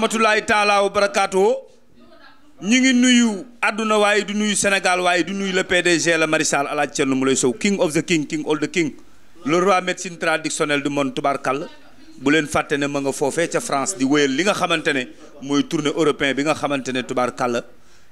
rahmatulahi taala wa barakaatu ñu ngi nuyu àdduna waaye du nuyu Sénégal waaye du nuyu le PDG la maréchal El Hadj Thierno Moulay Sow king of the king king all the king le roi médecine traditionnelle du monde tubaarkàll bu leen fàtte ne ma nga foofee ca France di wéyal li nga xamante ne mooy tournée européen bi nga xamante ne tubaarkàll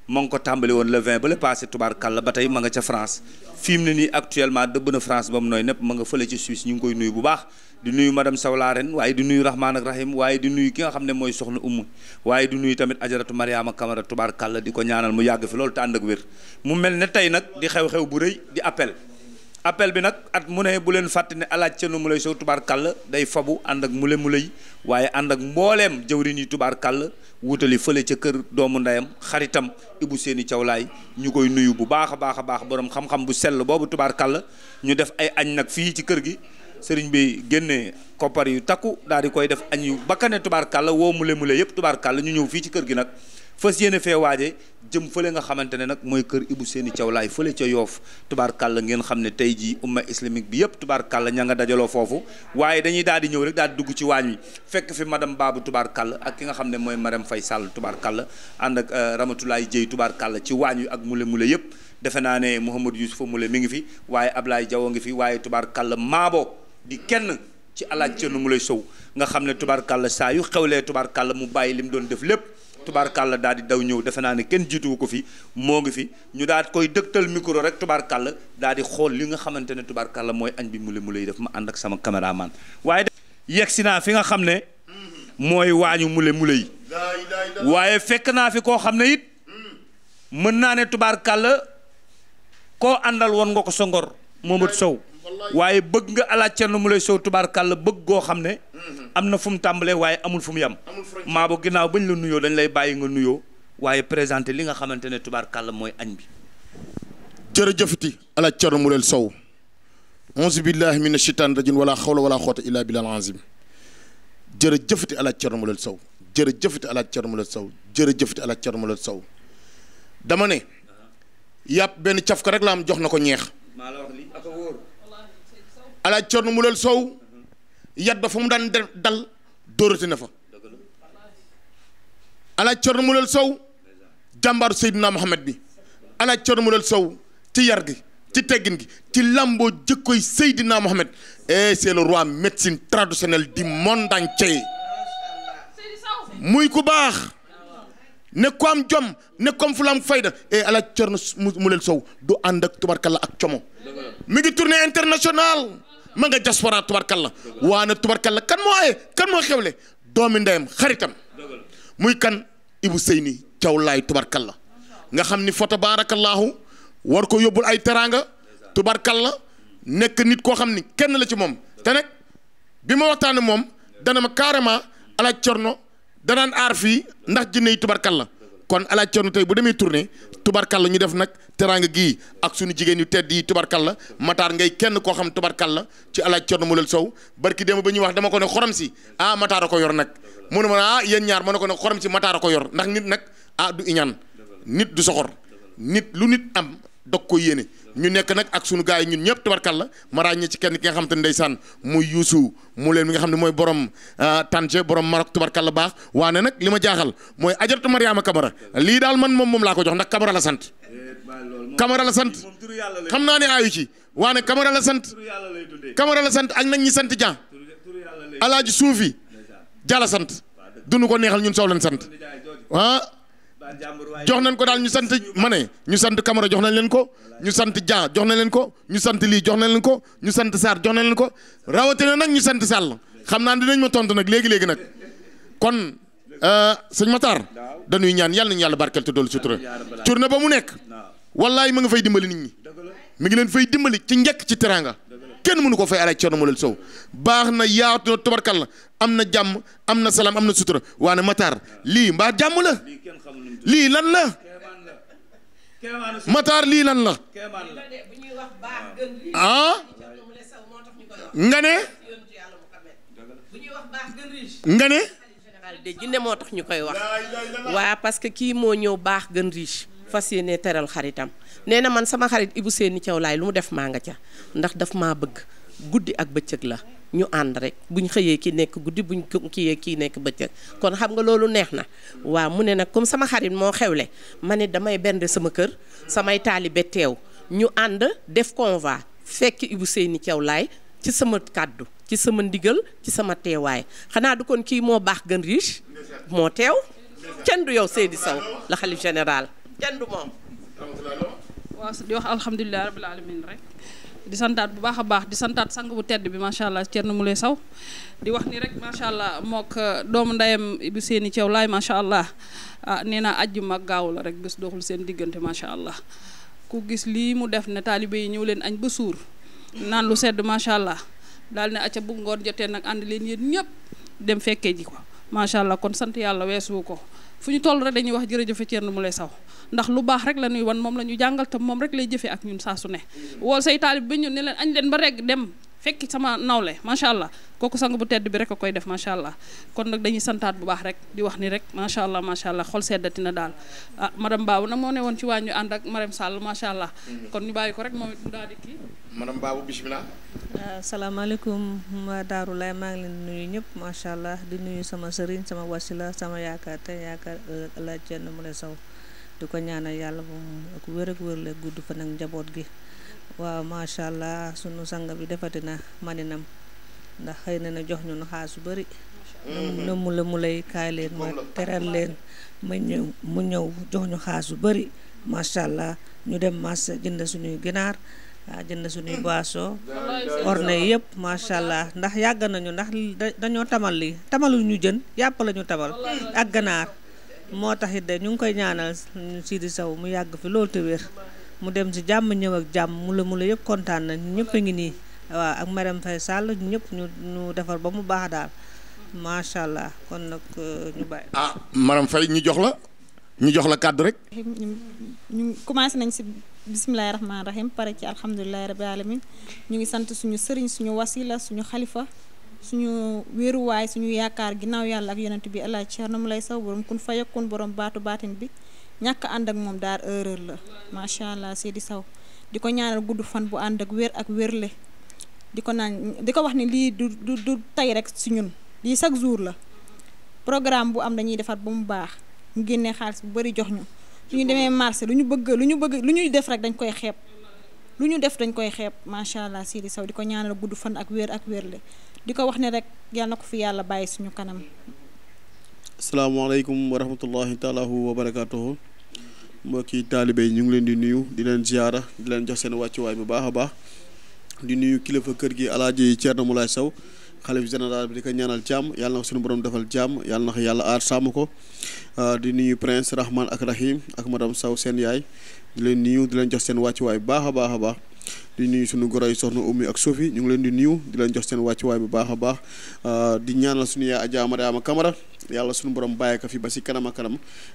ma ngi ko tàmbali woon le 20 ba le passé tubaarkàll ba tey ma nga ca France fi mu ne nii actuellement dëbb na France ba mu nooy nepp ngi koy nuyu bu baax. di nuyu madame Sawla ren waaye di nuyu Rahman ak Rahim waaye di nuyu ki nga xam ne mooy soxla Umu waaye di nuyu tamit ajaratu Mariama Kamara tubaar kàlla di ko ñaanal mu yàgg fi loolu te ànd ak wér mu mel ne tey nag di xew-xew bu rëy di appel appel bi nag at mu ne bu leen fàtte ne alaaj Thierno Mouleye Sow tubaarkàll day fabu ànd ak mule muley waaye ànd ak mbooleem jëwriñ yi kàll wutali fële ca kër doomu ndeyam xaritam Ibou Séni cawlaay ñu koy nuyu bu baax a baax a baax borom xam-xam bu sell boobu tubaar tubaarkàll ñu def ay añ nag fii ci kër gi sëriñ bi génne koppar yu takku daal di koy def añ yu bakkane tubaarkàll woo mule mule yëpp tubaarkàll ñu ñëw fii ci kër gi nag fas yéene fee waaje jëm fële nga xamante ne nag mooy kër Ibou Seni cawlaay laay fële ca yoof tubaarkàlla ngeen xam ne tey jii uma islamique bi yëpp tubaarkàlla ña nga dajaloo foofu waaye dañuy daal di ñëw rek daal di dugg ci waañ wi fekk fi madame Babou tubaarkàlla ak ki nga xam ne mooy Marème Faye Sall tubaarkàlla ànd ak euh, Ramatoulaye tubaar tubaarkàlla ci waañ wi ak mule mule yëpp defe naa ne Mouhamadou Youssouf mule mi ngi fi waaye ab Ablaye Diawo ngi fi waaye tubaarkàlla maabo di kenn ci alaaj Thierno Moule Sow nga xam ne tubaarkàlla saa yu xewlee tubaarkàlla mu bàyyi li mu doon def lépp tubaarkàlla daal di daw ñëw defe naa ne kenn jiituwu ko fi moo ngi fi ñu daal koy dëgtal micro rek tubaarkàlla daal di xool li nga xamante ne tubaarkàlla mooy añ bi mule mule yi daf ma ànd ak sama caméraman waaye yegg si naa fi nga xam ne waañu mule mule waaye fekk naa fi koo xam ne it mën naa ne tubaarkàlla koo àndal woon nga ko sa ngor Momadou Sow waaye bëgg nga alaaj Cerno Moulay Sow tubaarkàlla bëgg goo xam ne am na fu mu tàmbalee waaye amul fu mu yem maa bu ginnaaw bañ la nuyoo dañ lay bàyyi nga nuyoo waaye présenté li nga xamante ne tubaarkàlla mooy añ bi jërëjëfati ala Thierno Moulel Sow auzu billahi mina shaytaani rajim wala xawla wala xoota illaa billal azim jërëjëfati ala Thierno Moulel Sow jërëjëfati ala Thierno Moulel Sow jërëjëfati ala Thierno Moulel Sow dama ne yàpp benn cafka rek la am jox na ko ñeex ala Thierno Moulel Sow yat ba fu mu daan dal dóorati na fa alaaj Cerno Mulal Sow jàmbaaru Seydina Muhammad bi alaaj Cerno Mulal Sow ci yar gi ci teggin gi ci làmboo jëkkoy Seydina Muhammad et eh, c'est le roi médecine traditionnelle du monde entier muy ku baax ne am jom ne ko am fu la am fayda et eh, alaaj Cerno Sow du ànd ak tubarkalla ak como mi ngi tournée international ma nga diaspora tubarkalla waana la kan moo aye kan moo xewle doomi ndeyam xaritam muy kan Ibou Seyni Thiaw Laay la nga xam ni fa tabaarakallaahu war ko yóbbul ay teraanga la nekk nit koo xam ni kenn la ci moom te nag bi ma waxtaanee moom dana ma carrément alaaj corno danaan aar fii ndax jinne yi la kon alaaj Cerno tey bu demee tournée tubarkalla ñu def nag teraanga gii ak suñu jigéen yu tedd yi tubarkalla Matar ngay kenn koo xam tubarkalla ci alaaj Cerno mu lal sow barki démb ba ñuy wax dama ko ne xorom si ah Matar a ko yor nag mu ne ma ah yéen ñaar ma ne ko ne xorom si Matar a ko yor ndax nit nag ah du iñaan nit du soxor nit lu nit am dog ko yéene ñu nekk nag ak sunu gars yi ñun ñëpp tabarkalla ma ràññee ci kenn ki nga xam te ne ndeysaan muy yuusu mu leen mi nga xam ne mooy borom ah, Tanger borom Maroc tabarkalla baax waane nag li ma jaaxal mooy ajaratu Mariama kamara lii daal man moom moom laa ko jox ndax Camara la sant. Camara la sant xam naa ne aayu ci waane Camara la sant Camara la sant ak nag ñi sant jaa alaaji suufi Dia sant dunu ko neexal ñun soow leen sant ah. jox nañ ko daal ñu sant ma ñu sant Camara jox na leen ko ñu sant Dia jox na leen ko ñu sant lii jox na leen ko ñu sant Sarr jox na leen ko rawatina nag ñu sant Sall xam naa dinañ ma tont nag léegi léegi nag kon euh, sëñ Matar dañuy ñaan yàlla nañu yàlla barkeel te doolu sutura journée ba mu nekk wallaay ma nga fay dimbali nit ñi mi ngi leen fay dimbali ci njëkk ci teraanga. kenn mënu ko fay alaaj Cerno Moulel Sow baax na yaatu na tubarkal la am na jàmm am na salaam am na sutura waane Matar lii mbaa jàmm la lii lan la Matar lii lan la ah nga ne nga jinne moo tax ñu koy wax waa parce que kii moo ñëw baax gën riche fas yéene teral xaritam nee na man sama xarit Ibou Seyni Thiaw laay lu mu def maa nga ca ndax dafa maa bëgg guddi ak bëccëg la ñu ànd rek buñ xëyee ki nekk guddi buñ kiyee kii nekk bëccëg kon xam nga loolu neex na waa mu ne nag comme sama xarit moo xewle ma ne damay bende sama kër samay taalibe teew ñu ànd def convoi fekk Ibou Seyni Thiaw laay ci sama kàddu ci sama ndigal ci sama teewaay xanaa du kon kii moo baax gën riche moo teew kenn du yow Seydi Sow la général kenn du moom. waaw di wax alhamdulilah rabbil alamin rek. di santaat bu baax a baax di santaat sang bu tedd bi macha allah mu Moule saw di wax ni rek macha allah mook euh, doomu ndeyam bu seeni ceew laay macha allah ah nee naa àjjuma gaaw la rek bés doxul seen diggante macha allah ku gis lii mu def ne taalibe yi ñëw leen añ ba suur naan lu sedd macha allah daal ne acca bu ngoon jotee nag ànd leen yéen ñëpp dem fekkee ji ko macha allah kon sant yàlla weesuwu ko fu ñu toll rek dañuy wax jërëjëfe Thierno Moule Sow ndax lu baax rek la ñuy wan moom la ñu jàngal te moom rek lay jëfee ak ñun saa su ne. woo say taalib ba ñu ne leen añ leen ba rek dem fekk sama nawle macha allah kooku sang bu tedd bi rek a koy def macha allah kon nag dañuy santaat bu baax rek di wax ni rek macha allah macha allah xol seddati na daal ah madame Babou nag moo ne woon ci waa ñu ànd ak Marème Sall macha allah. Mhm. kon ñu bàyyi ko rek moom it mu daal di kii. madame Babou bisimilah. asalaamaaleykum ah, ma daaru lay maa ngi leen nuyu ñëpp macha allah di nuyu sama sëriñ sama wasila sama yaakaar te yaakaar laaj jenn mu ne saw di ko ñaanal yàlla moom ak wér ak wër la gudd fa ak njaboot gi. waaw macha allah sunu sang bi defati na maninam ndax xëy na na jox ñu xaas yu bëri. Mm-hmm. na mu la mu lay kaay leen ma teral leen ma ñëw mu ñëw jox ñu xaas yu bëri macha allah ñu dem marché jënd suñuy ginaar ah, jënd suñuy mm. boisson orne yëpp macha allah ndax yàgg nañu ndax dañoo tamal lii tamalu ñu jën yàpp la ñu tamal ak ganaar moo tax it de ñu ngi koy ñaanal di Sow mu yàgg fi loolu te wér mu dem si jàmm ñëw ak jàmm mula mula yëpp kontaan na ñëpp a ngi nii waa ak Marème Faye Sall ñëpp ñu ñu defar ba mu baax daal macha allah kon nag euh, ñu bàyyi. ah Marème Faye ñu jox la ñu jox la kàddu rek. ñu commencé nañ si bisimilah rahmaani rahim pare ci alhamdulilah rabi alamin ñu ngi sant suñu sëriñ suñu wasila suñu xalifa. suñu wéeruwaay suñu yaakaar ginnaaw yàlla ak yonent bi allah ceerno mu lay saw borom kun fayakun borom baatu baatin bi ñàkk ànd ak moom daar erreur la macha allah see di saw di ko ñaanal gudd fan bu ànd ak wér ak wérle di ko naan di ko wax ni lii du du du tey rek si ñun lii chaque jour la programme bu am dañuy defar ba mu baax mu génnee xaalis bu bari jox ñu su ñu demee marché lu ñu bëgg lu ñu bëgg lu ñuy def rek dañ koy xeeb lu ñu def dañ koy xeeb macha allah Seydi saw di ko ñaanal gudd fan ak wér ak wérle di ko wax ne rek yàlla ko fi yàlla bàyyi suñu kanam. asalaamaaleykum wa rahmatullahi taala wa barakaatuhu mbokki taalibe yi ñu ngi leen di nuyu di leen ziyaara di leen jox seen wàccuwaay bu baax a baax di nuyu kilifa kër gi alaaji Thierno Moulay Sow xalif général bi di ko ñaanal jàmm yàlla na ko suñu borom defal jàmm yàlla na yàlla aar sàmm ko ah, di nuyu prince Rahman ak Rahim ak madame Sow seen yaay di leen nuyu di leen jox seen wàccuwaay bu baax a baax a baax di nuyu suñu goroy soxna ummi ak Sofi ñu ngi leen di nuyu di leen jox seen wàccuwaay bu baax a baax ah, di ñaanal suñu yaay Adja Mariama Camara yàlla sunu borom bàyyi ko fi ba si kanama a te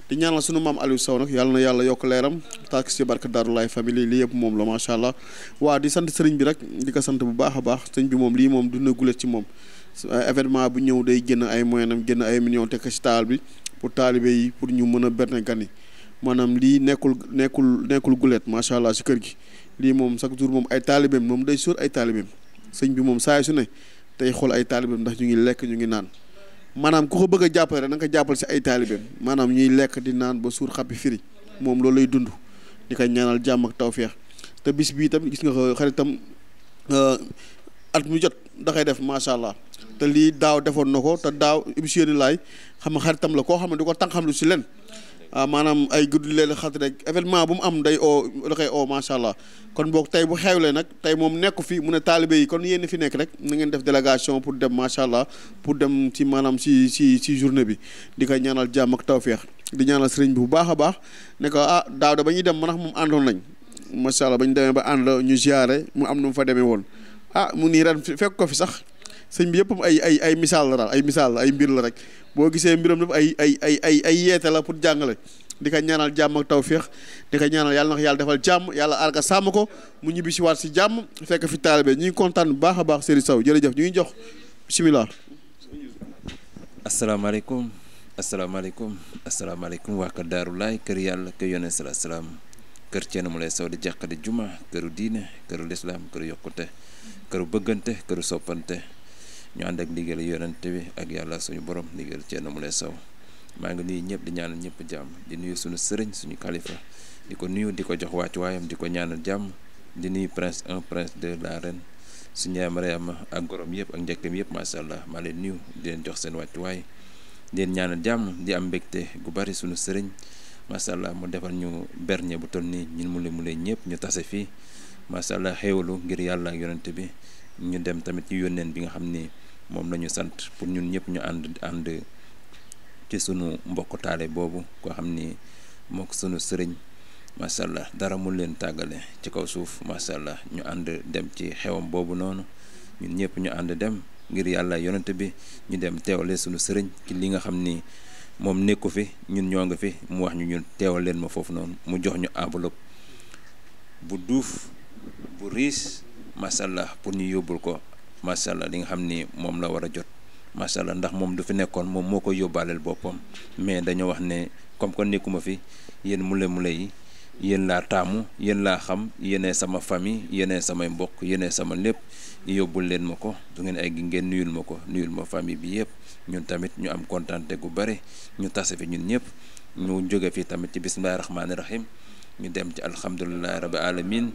di ñaanal sunu maam Aliou Sow nag yàlla na yàlla yokk leeram taak si barka Daaru Laay famille lii yëpp moom la macha allah waa di sant sëriñ bi rek di ko sant bu baax a baax sëriñ bi moom lii moom duna gulet ci moom événement bu ñëw day gën ay moyen am génn ay millions teg ci taal bi pour taalibe yi pour ñu mën a berne gan yi maanaam lii nekkul nekkul nekkul gulet macha allah si kër gi lii moom chaque jour moom ay taalibeem moom day sóor ay taalibeem sëñ bi moom saay ne tey xool ay taalibeem ndax ñu ngi lekk ñu ngi naan maanaam ku ko bëgg a jàppale rek nanga jàppal si ay taalibeem maanaam ñuy lekk di naan ba suur xappi firi moom loolu lay dund di koy ñaanal jàmm ak tawféex te bis bii tam gis nga ko xaritam euh, at mu jot da def macha allah te lii daaw defoon na ko te daaw émission ni laay xam nga xaritam la koo xam ne du ko tànqamlu si leen Ah, maanaam ay gudd leen xat rek événement bu mu am day oo da macha allah kon boog tey bu xewlee nag tey moom nekku fi mu ne taalibe yi kon yéen fi nekk rek na ngeen def délégation pour dem macha allah pour dem ci maanaam si si si journée bi di koy ñaanal jàmm ak tawféex di ñaanal sëriñ bi bu baax a baax ne ko ah daaw da ba ñuy dem ma manax moom àndoon nañ macha allah ba ñu demee ba ànd ñu ziare mu am nu mu fa demee woon ah mu nii ren fekk ko fi sax. sëñ bi yëpp ay ay ay misaal la daal ay misaal la ay mbir la rek boo gisee mbiram lépp ay ay ay ay ay yeete la pour jàngale di ko ñaanal jàmm ak tawféex di ko ñaanal yàlla na ko yàlla defal jàmm yàlla aar ko sàmm ko mu ñibbi si waat si jàmm fekk fi taalibe ñu ngi kontaan bu baax a baax Serigne Sow jërëjëf ñu ngi jox bisimilah. asalaamaaleykum asalaamaaleykum asalaamaaleykum waa kër Daaru Laay kër yàlla kër yoneen sala salaam kër mu lay saw di di juma këru diine këru lislaam këru yokkute këru bëggante këru soppante ñu ànd ak ndigal yonente bi ak yàlla suñu borom ndigal Thierno Moule Sow maa ngi nuyu ñëpp di ñaanal ñëpp jàmm di nuyu suñu sëriñ suñu kalifa di ko nuyu di ko jox wàcc waayam di ko ñaanal jàmm di nuyu prince un prince deux la reine suñu yaay ak gorom yëpp ak njëkkam yëpp macha allah maa leen nuyu di leen jox seen wàcc waay di leen ñaanal jàmm di am mbégte gu bari suñu sëriñ macha allah mu defal ñu berñe bu toll nii ñu mu leen mu leen ñëpp ñu tase fii macha allah xéewalu ngir yàlla ak yonente bi ñu dem tamit ci yónneen bi nga xam ni moom la ñu sant pour ñun ñëpp ñu ànd ànd ci sunu mbokk taale boobu koo xam ni mook sunu sëriñ macha allah dara mu leen tàggale ci kaw suuf macha allah ñu ànd dem ci xewam boobu noonu ñun ñëpp ñu ànd dem ngir yàlla yonent bi ñu dem teewale sunu sëriñ ki li nga xam ni moom nekku fi ñun ñoo nga fi mu wax ñu ñu teewal leen ma foofu noonu mu jox ñu enveloppe bu duuf bu riis macha allah pour ñu yóbbul ko macha allah li nga xam ni moom la war a jot macha ndax moom du fi nekkoon moom moo koy yóbbaaleel boppam mais dañoo wax ne comme que nekkuma fi yéen mule mule yi yéen laa taamu yéen laa xam yéenee sama famille yéenee samay mbokk yéenee sama lépp yóbbul leen ma ko du ngeen ay gi ngeen nuyul ma ko nuyul ma famille bi yëpp ñun tamit ñu am kontante gu bari ñu tase fi ñun ñëpp ñu jóge fi tamit ci bismillahi rahmaani rahim ñu dem ci alhamdulillahi rabbi alamin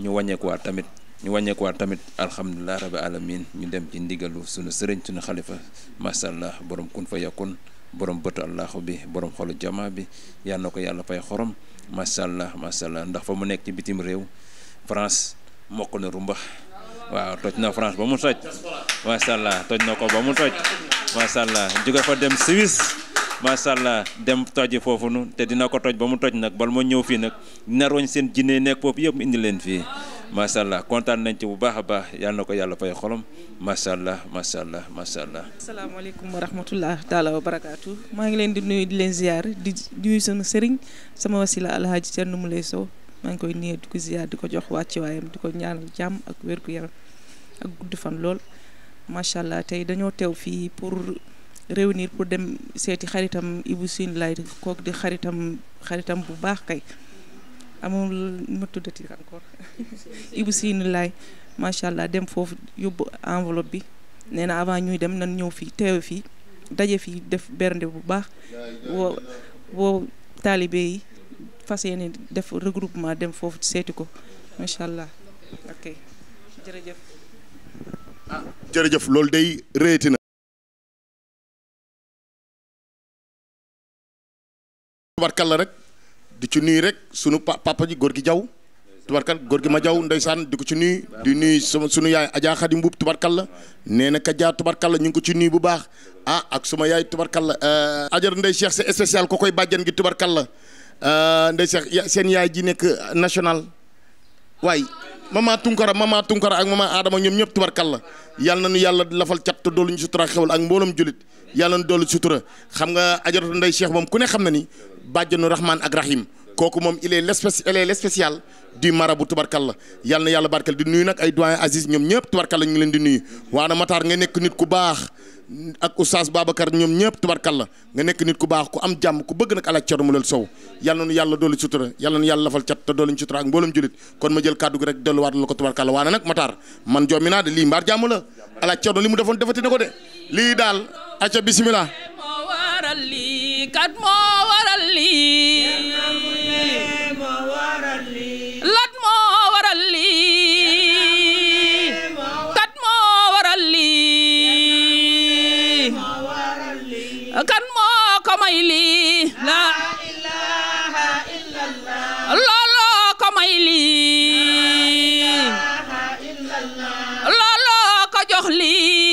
ñu wàññeekuwaat tamit ñu wàññeekuwaat tamit alhamdulilah rabbi alamin ñu dem ci ndigalu sunu sëriñ sunu xalifa macha allah borom kun fa yakun borom bëtu allahu bi borom xolu jamaa bi yal na ko yàlla fay xorom macha allah macha ndax fa mu nekk ci bitim réew France mokk na rumbax waaw toj na France ba mu toj macha allah toj na ko ba mu toj macha allah jóge fa dem Suisse. macha allah dem toji foofu nu te dina ko toj ba mu toj nag bal ma ñëw fii nag dina roñ seen jinne nekk yëpp indi leen fii macha allah kontaan nañ ci bu baax a baax yal na ko yàlla fay xolom macha allah macha allah macha allah. asalaamaaleykum wa rahmatullah taala wa barakaatu maa ngi leen di nuyu di leen ziar di nuyu sama sëriñ sama wasila alhaji Thierno lay Sow maa ngi koy nuyu di ko di ko jox wàcc waayam di ko ñaanal jàmm ak wér yaram ak gudd fan lool macha allah tey dañoo teew fii pour. réunir pour dem seeti xaritam Ibou Sine lay kook di xaritam xaritam bu baax kay amul ma tuddati encore Ibou laay macha allah dem foofu yóbbu enveloppe bi nee na avant ñuy dem nan ñëw fii teew fii daje fii def bernde bu baax woo woo taalibe yi fas yéene def regroupement dem foofu seeti ko macha allah ok jërëjëf. ah jërëjëf loolu day réeti na. di ci nuy rek sunu papa ji góor gi jaw tubarkal góor gi ma jaw ndeysaan di ko ci nuyu di nuyu sama sunu yaay Adja Khady Mbuub tubarkal la nee na ka jaa tubarkal la ñu ngi ko ci nuyu bu baax ah ak suma yaay tubarkal la eh, ajar ndey Cheikh c'est ko koy bàjjan gi tubarkal la eh, ndey Cheikh seen yaay ji nekk national waaye mama Tunkara mama Tunkara ak mama Adama ñoom ñëpp tubarkal la yàlla na nu yàlla lafal cat te doolu ñu sutura xewal ak mbooloom julit yàlla na doolu sutura xam nga ajaratu ndey Cheikh moom ku ne xam na ni bàjjanu rahman ak rahim kooku moom il est l'espèce il est le spécial yal na yàlla barkal di nuyu nag ay doyen Aziz ñoom ñëpp tubarkalla ñu ngi leen di nuyu waana Matar nga nekk nit ku baax ak oustaz Babacar ñoom ñëpp tubarkalla nga nekk nit ku baax ku am jàmm ku bëgg nag alaaj Thierno na nu yàlla doolu sutura yal na nu yàlla lafal cat te dooluñ sutura ak mboolum ko de lii daal acca bismillah lii kat moo waral lii lat moo waral lii kat moo waral lii kan moo ko may lii la looloo ko may lii looloo ko jox lii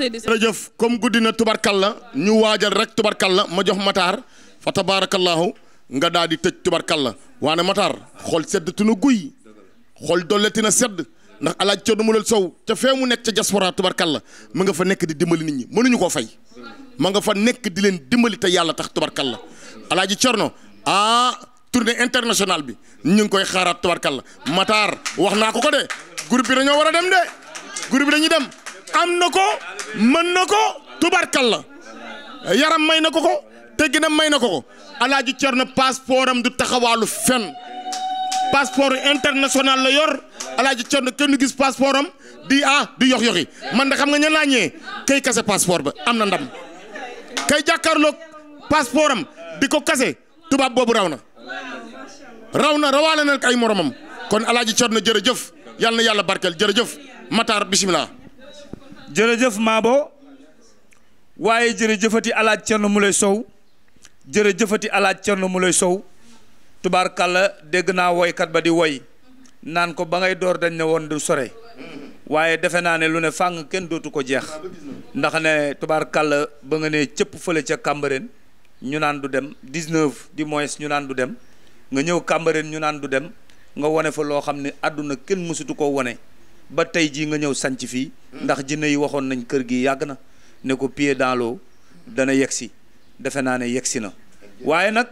Seydi jërëjëf comme guddi na tubarkalla ñu waajal rek tubarkalla ma jox Matar fa tabaarakallaahu nga daal di tëj tubarkalla waane Matar xool sedd tuna guy xool dolleti na sedd ndax alaaj Thierno Moulel Sow ca fee mu nekk ca diaspora tubarkalla mu nga fa nekk di dimbali nit ñi mënuñu koo fay ma nga fa nekk di leen dimbali te yàlla tax tubarkalla alaaji Thierno ah tournée internationale bi ñu ngi koy xaaraat tubarkalla Matar wax naa ko ko de groupe bi dañoo war dem de groupe am na ko mën na ko la yaram may na ko ko tegginam may na ko ko alaaji Cerno passeport am du taxawaalu fenn passeport international la yor alaaji na kenn gis passeport am di ah di yox yoxi man da xam nga ñan laa ñëwee kay kase passeport ba am na ndam kay jàkkaarloog passeport am di ko kase tubaab boobu raw na raw na rawaale na ay moromam kon alaaji na jërëjëf yal na yàlla barkeel jërëjëf Matar bisimilah. jërëjëf Maabo waaye jërëjëfati alaaj Cerno Mulay Sow jërëjëfati alaaj Cerno Mulay Sow tubaarkàlla dégg naa woykat ba di woy naan ko ba ngay door dañ ne woon du sore waaye defe naa ne lu ne fàng kenn dootu ko jeex ndax ne tubaar tubaarkàlla ba nga ne cëpp fële ca Cambérène ñu naan du dem 19 di moins ñu naan du dem nga ñëw Cambérène ñu naan du dem nga wone fa loo xam ne àdduna kenn mësutu koo wone ba tey jii nga ñëw sanc fii ndax jinne yi waxoon nañ kër gi yàgg na ne ko pied dans dana yegg si defe naa ne yegg si na waaye nag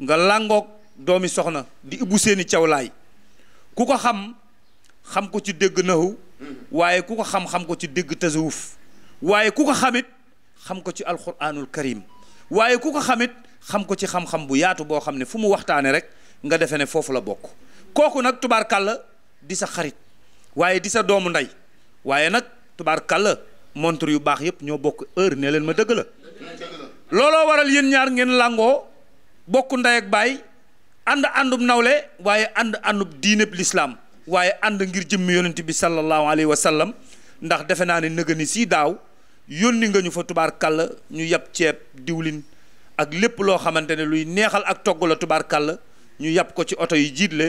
nga làngook doomi soxna di Ibou Seny Thiawlaay ku ko xam xam ko ci dégg naxu waaye ku ko xam xam ko ci dégg tasawuf waaye ku ko xamit xam ko ci alquranul karim waaye ku ko xamit xam ko ci xam-xam bu yaatu boo xam ne fu mu waxtaane rek nga defe ne foofu la bokk kooku nag tubaarkàlla di sa xarit waaye di sa doomu ndey waaye nag tubaar tubaarkàlla montre yu baax yëpp ñoo bokk heure ne leen ma dëgg la looloo waral yéen ñaar ngeen làngoo bokk ndey ak baay ànd àndub nawle waaye ànd àndub diineb lislaam waaye ànd ngir jëmm yonent bi sallallahu alayhi wa sallam ndax defe naa ne nëgëni si daaw yónni nga ñu fa tubaarkàlla ñu yàpp ceeb diwlin ak lépp loo xamante ne luy neexal ak togg la tubaarkàlla ñu yàpp ko ci oto yi jiitle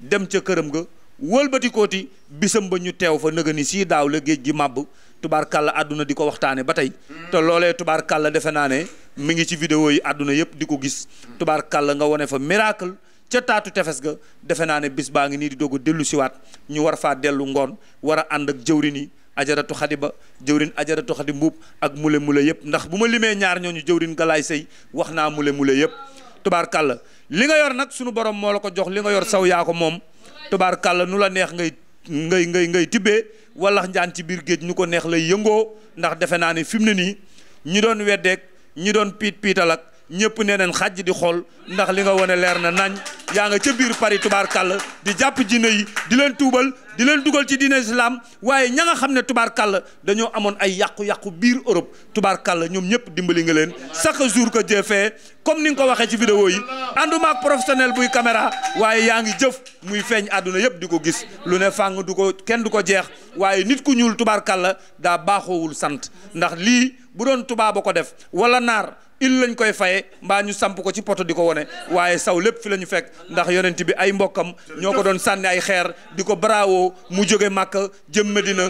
dem ca këram ga wëlbatikooti bisam ba ñu teew fa nëga ni sii daaw la géej gi màbb tubaar tubaarkàlla àdduna di ko waxtaane ba tey te loolee tubaar tubaarkàlla defe naa ne mi ngi ci vidéo yi àdduna yëpp di ko gis tubaar tubaarkàlla nga wone fa miracle ca taatu tefes ga defe naa ne bis baa ngi nii di doog a dellu siwaat ñu war faa dellu ngoon war a ànd ak jëwrin yi ajaratu xadi ba jëwrin ajaratu xadi mbub ak mule mule yëpp ndax bu ma limee ñaar ñooñu jëwrin galaay sëy wax naa mule mule yëpp tubaarkàlla li nga yor nag sunu borom moo la ko jox li nga yor saw yaa ko moom tubaar tubaarkàlla nu la neex ngay ngay ngay ngay tibbee walax njaan ci biir géej nu ko neex lay yëngoo ndax defe naa ne fi mu ne nii ñi doon weddeek ñi doon piit piital ñëpp nee nañ xaj di xool ndax li nga wane leer na nañ yaa nga ca biir Paris tubaarkàll di jàpp jinne yi di leen tuubal di leen dugal ci diine islam waaye ña nga xam ne tubaarkàll dañoo amoon ay yàqu-yàqu biir Europe tubaarkàll ñoom ñëpp dimbali nga leen chaque jour que Dieu fait comme ni nga ko waxee ci vidéo yi ànduma ak professionnel buy caméra waaye yaa ngi jëf muy feeñ àdduna yëpp di ko gis lu ne fàng du ko kenn du ko jeex waaye nit ku ñuul tubaar tubaarkàll daa baaxoowul sant ndax lii bu doon tubaab ko def wala naar il lañ koy faye mbaa ñu samp ko ci poto di ko wone waaye saw lépp fi la ñu fekk ndax yonent bi ay mbokkam ñoo ko doon sànni ay xeer di ko baraawoo mu jóge Màkka jëm Medina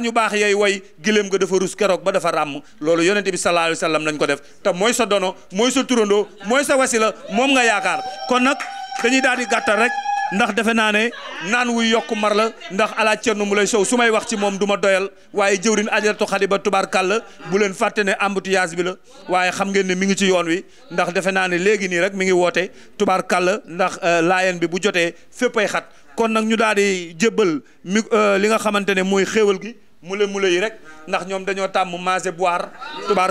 ñu baax yooyu way giléem ga dafa rus keroog ba dafa ràmm loolu yonent bi sallallahu alayhi wa sallam lañ ko def te mooy sa dono mooy sa turandoo mooy sa wasila moom nga yaakaar kon nag dañuy daal di gàttal rek ndax defe naa ne naan wuy yokk mar la ndax alaa Cerno mu lay sow su may wax ci moom duma doyal waaye jëwrin jëwriñ ba tubaar tubaarkàlla bu leen fàtte ne embouteillage bi la waaye xam ngeen ne mi ngi ci yoon wi ndax defe naa ne léegi nii rek mu ngi woote tubaarkàlla ndax euh, laayeen bi bu jotee féppay xat kon nag ñu daal di jébbal mi euh, li nga xamante ne mooy xéwal gi mule mule yi rek ndax ñoom dañoo tàmm manger boire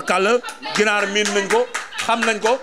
kàll ginaar miin nañ ko xam nañ ko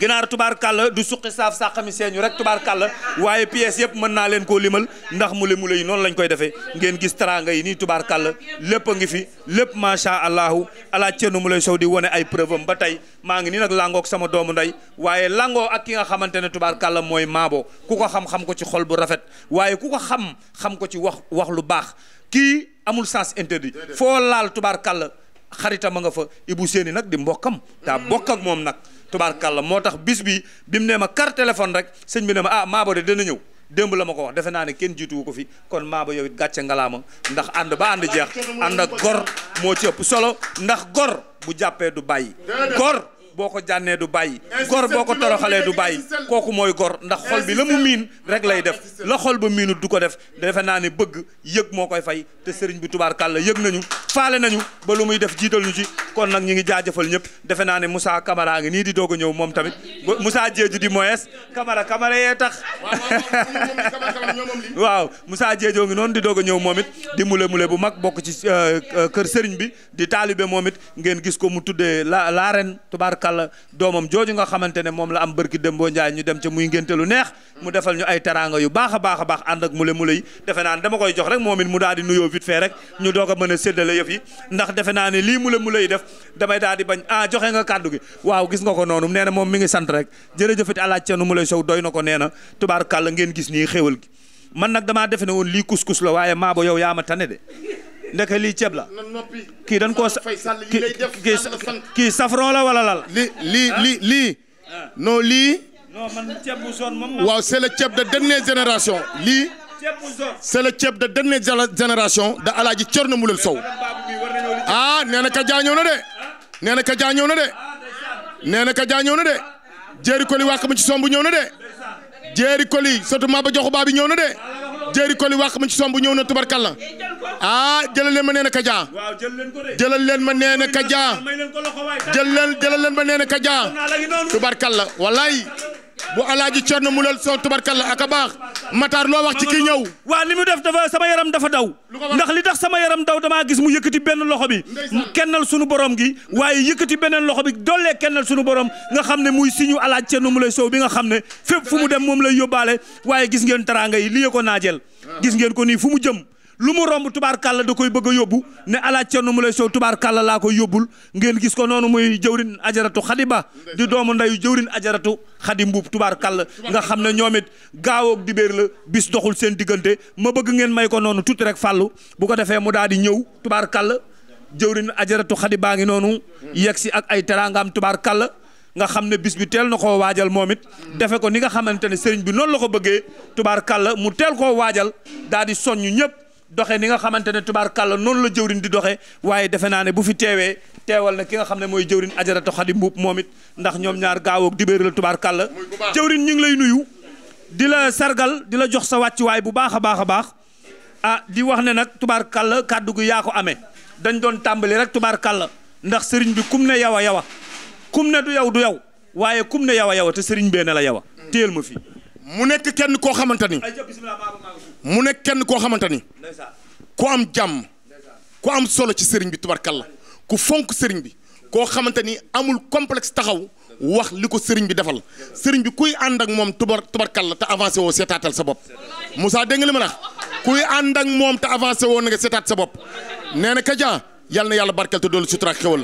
ginaar tubaarkàlla du suqi saaf sàqami seeñu rek tubaar tubaarkàlla waaye pièces yëpp mën naa leen koo limal ndax mule mule yi noonu lañ koy defee ngeen gis teraanga yi nii tubaarkàlla lépp a ngi fi lépp macha allahu ala nu mu lay sow di wane ay preuve am ba tey maa ngi nii nag langook sama doomu ndey waaye langoo ak ki nga xamante ne tubaarkàlla mooy maaboo ku ko xam-xam ko ci xol bu rafet waaye ku ko xam xam ko ci wax wax lu baax kii amul sens interdit foo laal tubaarkàlla xaritam a nga fa Ibou Séni nag di mbokkam daa ak moom nag tubaarkàlla moo tax bis bi bi mu nee ma carte téléphone rek sëñ bi ne ma ah Maba de dana ñëw démb la ma ko wax defe naa ne kenn jiituwu ko fi kon Maba yow it gàcce ngalaama ndax ànd ba ànd jeex ànd a gor moo ci ëpp solo ndax gor bu jàppee du bàyyi gor boo ko jànnee du bàyyi gor boo ko toroxalee du bàyyi kooku mooy gor ndax xol bi la mu miin rek lay def la xol ba miinut du ko def defe naa ne bëgg yëg moo koy fay te sëriñ bi tubaar tubaarkàlla yëg nañu faale nañu ba lu muy def jiital ñu ci kon nag ñu ngi jaajëfal ñëpp defe naa ne Moussa Camara ngi nii di doog a ñëw moom tamit Moussa Diédhiou di moyes Camara Camara yee tax waaw Moussa Diédhiou ngi noonu di doog a ñëw moom it di mule mule bu mag bokk ci euh, kër sëriñ bi di taalibe moom it ngeen gis ko mu tuddee la la kala doomam jooju nga xamante ne moom la am bërki demboo njaay ñu dem ca muy ngénte lu neex mu defal ñu ay teraanga yu baax a baax a baax ànd ak mule mule defe naa ne dama koy jox rek moom it mu daal di nuyoo rek ñu doog a mën a séddale yëf yi ndax defe naa lii mule mule yi def damay daal di bañ ah joxe nga kàddu gi waaw gis nga ko noonu nee na moom mi ngi sant rek jërëjëfati alaaj ceenu mule sow doy na ko nee na tubaarkàlla ngeen gis nii xéwal gi man nag damaa defe ne woon lii kus-kus la waaye maa ba yow yaa ma tane de ndeke lii ceeb la kii dañ koo kii safron la wala lal li ah. lii lii lii no lii ceeb bu zone moom waaw c'est le ceeb de dernière génération lii c'est le ceeb de dernière génération de alaaji Cerno Mulel Sow ah, ah nee na ka jaañoo na de nee na na de nee na ka jaañoo na de jéeri koli wàq ma ci bu ñëw na de jéeri koli surtout maa ba joxu baa bi ñëw na de jëri koli wax ma ci somb ñëw na tubarkalla ah jëlal leen ma nee na Kaja jëlal leen ma nee na Kaja jël leen jëlal leen ma nee na Kaja tubarkalla wallaay bu alaaji Cerno Mulal Sow tubarkalla ak a baax Matar loo wax ci kii ñëw waaw li mu def dafa sama yaram dafa daw ndax li tax sama yaram daw damaa gis mu yëkkati benn loxo bi kennal sunu borom gi waaye yëkkati beneen loxo bi dollee kennal sunu borom nga xam ne muy siñu alaaj mu Mulal Sow bi nga xam ne fépp fu mu dem moom lay yóbbaale waaye gis ngeen teraanga yi lii ko naajeel ah. gis ngeen ko nii fu mu jëm lu mu romb tubaar tubaarkàlla da koy bëgg a yóbbu ne alaaj Cerno Moulay Sow tubaarkàlla laa koy yóbbul ngeen gis ko noonu muy jëwrin ajaratu xadi ba di doomu ndeyu jëwrin ajaratu xadi mbuub tubaarkàlla nga xam ne ñoom it gaawoog la bis doxul seen diggante ma bëgg ngeen may ko noonu tuuti rek fàllu bu ko defee mu daal di ñëw tubaarkàlla jëwrin ajaratu xadi baa ngi noonu yegg si ak ay tubaar tubaarkàlla nga xam ne bis bi teel na koo waajal moom it defe ko ni nga xamante ne sëriñ bi noonu la ko bëggee tubaarkàlla mu teel koo waajal daal di soññ ñëpp doxe ni nga xamante ne tubaar kàlla noonu la jëwrin di doxe waaye defe naa ne bu fi teewee teewal na ki nga xam ne mooy jëwrin ajaratu xadi mbuub moom it ndax ñoom ñaar gaawoog dibéer la tubaar kàlla jëwrin ñu ngi lay nuyu di la sargal di la jox sa wàccuwaay bu baax a baax a baax ah di wax ne nag tubaar kàlla kàddu gu yaa ko amee dañ doon tàmbali rek tubaar kàlla ndax sëriñ bi kum ne yawa yawa kum ne du yow du yow waaye kum ne yawa yawa te sëriñ bee ne la yawa ma fii mu nekk kenn koo xamante ni. mu nekk kenn koo xamante ni. ku am jàmm. ku am solo ci sëriñ bi la ku fonk sëriñ bi koo xamante ni amul complexe taxaw wax li ko sëriñ bi defal sëriñ bi kuy ànd ak moom tubar la te avancé woo seetaatal sa bopp Moussa dégg nga li ma wax kuy ànd ak moom te avancé woo na nga seetaat sa bopp nee na Kaja yal na yàlla barkeel te doolu sutura xewal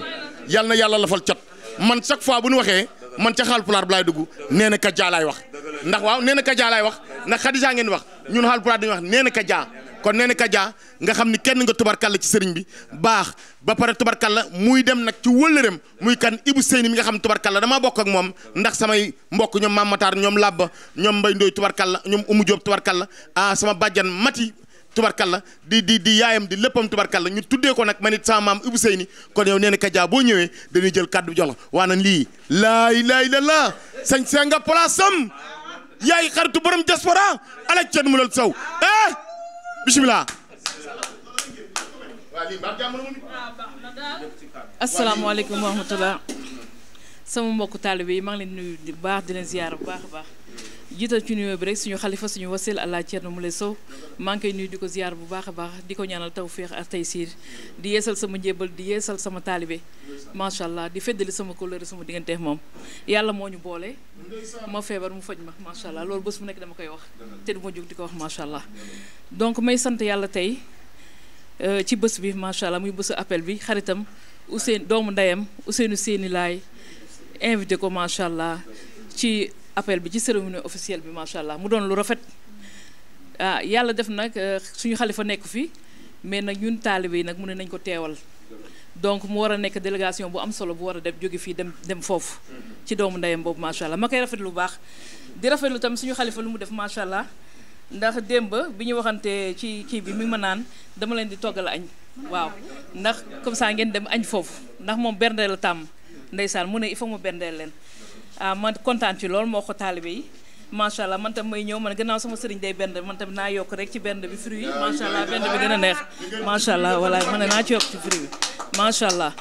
yal na yàlla lafal cat man chaque fois bu ñu waxee man ca xaal pulaar bi laay dugg nee na Kaja wax. ndax waaw nee na kajaa laay wax ndax xadija ngeen wax ñun Haalpulaar dañuy wax nee na kajaa kon nee na kajaa nga xam ni kenn nga tubarkalla ci sëriñ bi baax ba pare tubarkalla muy dem nag ci wëllëreem muy kan Ibou Seyni mi nga xam ne tubarkalla dama bokk ak moom ndax samay mbokk ñoom Mame Matar ñoom Labba ñoom Mbaye Ndoye tubarkalla ñoom Oumou Diop tubarkalla ah sama bàjjan Mati tubarkalla di di di yaayam di léppam tubarkalla ñu tuddee ko nag man it sama maam Ibou Seyni kon yow nee na kajaa boo ñëwee dañuy jël kàddu jox la waa na lii laay laay la la sañ see nga place am yaay xaritu borom diaspora alaj ceen mu lal saw eh bisimilah asalaamaaleykum wa rahmatulah sama mbokku taalibe yi maa ngi leen nuyu bu baax di leen ziyaar bu baax a baax jiital ci nuyoo bi rek suñu xalifa suñu waseel allah Thierno Moule Sow maa ngi koy nuyu di ko ziar bu baax a baax di ko ñaanal tawféex ak siir di yeesal sama njébal di yeesal sama taalibe macha allah di feddali sama kóllëre sama digganteex moom yàlla moo ñu boole ma feebar mu faj ma macha allah loolu bés mu nekk dama koy wax te du ma jóg di ko wax macha allah donc may sant yàlla tey euh, ci bës bi macha allah muy bésu appel bi xaritam Ousseynou doomu ndeyam Ousseynou Seyni laay invité ko macha allah appel bi ci cérémonie officielle bi macha allah mu doon lu rafet ah, yàlla def nag euh, suñu xalifa nekk fi mais nag ñun taalibe yi nag mu ne nañ ko teewal donc mu war a nekk délégation bu am solo bu war a dem jóge fii dem dem foofu ci doomu ndeyam boobu macha allah ma koy rafet lu baax di rafet lu tam suñu xalifa lu mu def macha allah ndax démb bi ñu waxante ci kii bi mu ma naan dama leen di toggal añ waaw ndax comme saa ngeen dem añ foofu ndax moom berndeel la tàmm ndeysaan mu ne il faut mu berndeel leen ah man kontaan ci lool moo ko taalibe yi macha allah man mooy may ñëw man gannaaw sama sëriñ day benn man tam naa yokk rek ci benn bi fruit yi macha allah benn bi gën a neex macha allah voilà man naa ci yokk ci fruit bi macha allah.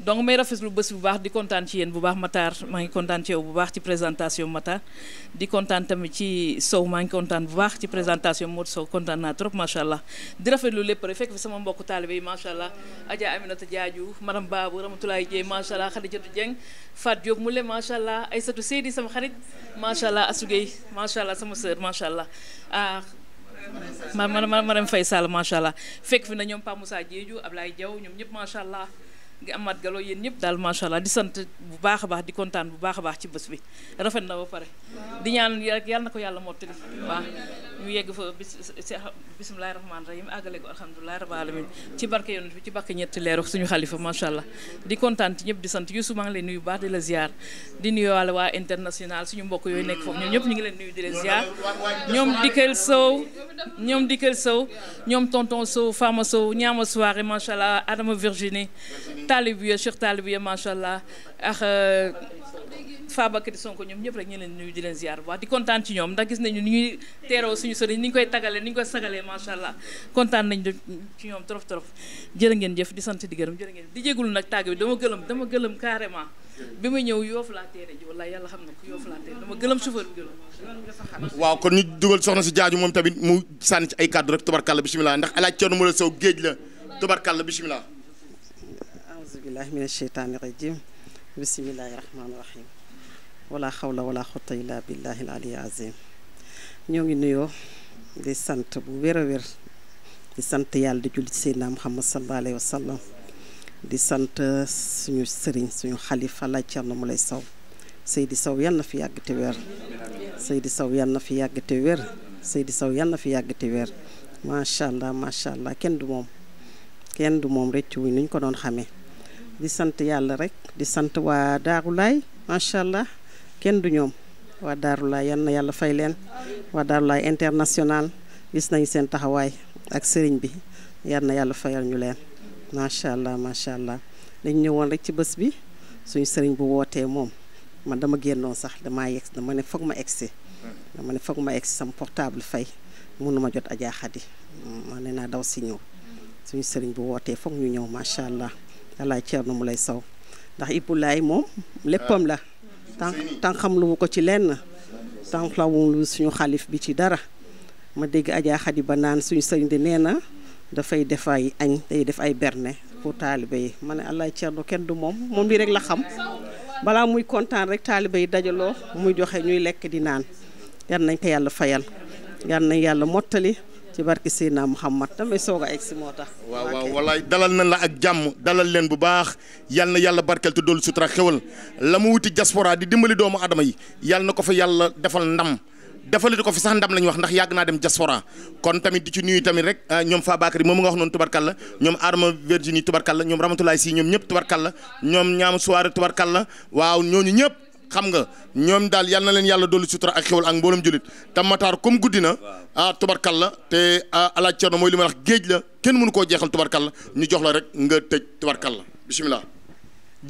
donc may rafet lu bés bu baax di kontaan ci yéen bu baax Matar maa ngi kontaan ci yow bu baax ci présentation Matar di kontaan tamit ci Sow maa ngi kontaan bu baax ci présentation Modou Sow kontaan naa trop macha allah di rafetlu lépp rek fekk fi sama mbokk taalibe yi macha allah Adja Aminata Diadiou madame Babou Ramatoulaye Dieye macha allah Khadijatou Dieng Fat Diop Moule macha allah Aïssatou Seydi sama xarit macha allah Assou Gueye macha allah sama sœur macha allah ah. ma ma ma Marème Faye Sall macha allah fekk fi na ñoom Pa Moussa Diédiou Ablaye Diaw ñoom ñëpp macha allah. gi amaat galo yéen ñëpp daal macha allah di sant bu baax a baax di kontaan bu baax a baax ci bés bi rafet na ba pare di ñaan rek yàlla ko yàlla mottali waaw ñu yegg fa bis bisimilahi rahmaani rahim àggale ko alhamdulilahi rabbil alamin ci barke yonent bi ci barke ñetti leeru suñu xalifa macha allah di kontaan ci ñëpp di sant Youssou maa ngi leen nuyu baax di la ziar di nuyuwaale waa international suñu mbokk yooyu nekk foofu ñoom ñëpp ñu ngi leen nuyu di leen ziar ñoom Dikel Sow ñoom Dikel Sow ñoom tonton Sow Fama Sow ñaama soirée macha allah Adama taalibe Cheikh taalibe yi macha allah faa euh, Fabakary Sonko ñoom ñëpp rek ñu leen nuyu di leen ziar bu baax di kontaan ci ñoom ndax gis nañu ni ñuy teeroo suñu sëriñ ni ñu koy tagalee ni ñu koy sagalee macha allah kontaan nañ ñoom trop trop jërë ngeen jëf di sant di gërëm jërë ngeen di jégul nag tàgg dama gëlëm dama gëlëm carrément bi ma ñëw yoof laa teere yàlla xam na ko yoof laa teere dama gëlëm chauffeur bi gëlëm waaw kon ñu dugal soxna si jaaju moom tamit mu sànni ci ay kàddu rek tubarkàlla bisimilah ndax alaaj coono mu la sow géej la tubarkàlla bisimilah billahi min asheytaani rajim bisimillahi rahmaani rahim wala xawla wala xota illa billahi aliyu azim ñoo ngi nuyoo di sant bu wér a wér di sant yàlla di julli ci seydina muhammad sallallahu alayhi wa di sant suñu sëriñ suñu xalifa laaj Cerno Mulay Saw Seydi Saw yal na fi yàgg te Saw yal na fi yàgg te wér Seydi Saw yal na fi yàgg te wér macha allah macha allah kenn du moom kenn du moom rëcc wuñ ni ko doon xame di sant yàlla rek di sant waa Darou Laye macha allah kenn du ñoom waa Darou Laye na yàlla fay leen waa Darou international gis nañ seen taxawaay ak sëriñ bi yal na yàlla fayal ñu leen macha allah macha allah dañ ñëwoon rek ci bés bi suñu sëriñ bu wootee moom man dama génnoon sax damaa yegg dama ne foog ma egsi dama ne foog ma egsi sama portable fay mënuma jot ajaaxadi ma ne naa daw si ñëw suñu sëriñ bu wootee foog ñu ñëw macha allah Alaaj Ceerno Mulay Saw ndax Ibou Laye moom léppam la tan tan xam lu ko ci lenn tan xamul lu suñu xalif bi ci dara ma dégg Adja Xadi ba naan suñu sëñ di nee na dafay def ay añ day def ay berne pour taalibe yi ma ne Alaaj Ceerno kenn du moom moom bi rek la xam balaa muy kontaan rek taalibe yi dajaloo muy joxe ñuy lekk di naan yal nañ ko yàlla fayal yal nañ yàlla mottali ci barki Seydina Muhammad damay soog a egg si moo tax. waaw waaw walaay dalal na la ak jàmm dalal leen bu baax yal na yàlla barkeel te dolli sutura xewal la mu wuti diaspora di dimbali doomu aadama yi yal na ko fa yàlla defal ndam. defalati ko fi sax ndam la wax ndax yàgg naa dem diaspora kon tamit di ci nuyu tamit rek ah, ñoom Fabakary moom nga wax noonu tubarkalla ñoom Arma Virginie tubarkalla ñoom Ramatoulaye Sy ñoom ñëpp tubarkalla ñoom ñaam soirée xam nga ñoom daal yal na leen yàlla dolli sutura ak xewal ak mboolum julit te Matar comme guddi na ah, tubarkal la te ah, alaaj Cerno mooy li ma wax géej la kenn mënu koo jeexal tubarkal la ñu jox la rek nga tëj tubarkal la bisimilah.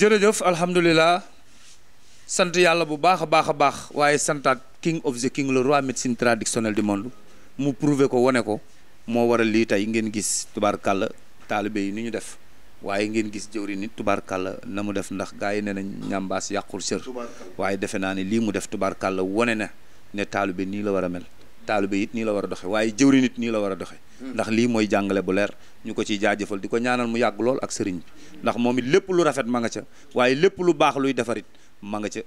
jërëjëf alhamdulilah sant yàlla bu baax a baax a baax waaye santaat king of the king le roi médecine traditionnelle du monde mu prouvé ko wone ko moo waral lii tey ngeen gis tubarkal la taalibe yi ni ñu def. waaye ngeen gis jëwri nit tubaarkàlla na mu def ndax gars yi ne nañ ñambaas yàqul sër waaye defe naa ne lii mu def tubaarkàlla wone na ne taalibe nii la war a mel taalibe it nii la war a doxe waaye jëwrinit nit nii la war a doxe hmm. ndax lii mooy jàngale bu leer ñu ko ciy jaajafal di ko ñaanal mu yàgg lool ak sëriñ bi ndax moom it lépp lu rafet ma nga ca waaye lépp lu baax luy defarit ma nga ca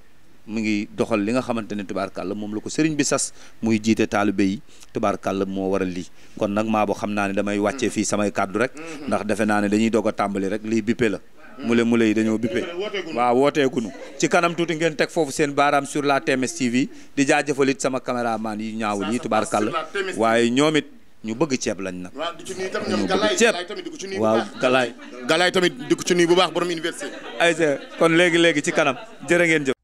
mu ngi doxal li nga xamante ne tubaarkàlla moom la ko sëriñ bi sas muy jiite taalibe yi tubaarkàlla moo waral lii kon nag maa boo xam naa ne damay wàccee fii samay kàddu rek ndax defe naa ne dañuy dog a tàmbali rek lii bippe la mule mule yi dañoo bippe waaw wooteegunu ci kanam tuuti ngeen teg foofu seen baaraam sur la TMS TV di jaajëfal it sama caméraman yi ñaawul yi tubaarkàlla waaye ñoom it ñu bëgg ceeb lañ nag ñu bëgg ceeb waaw galaay galaay tamit di ko ci nuyu bu baax borom ci kanam jërë ngeen jëf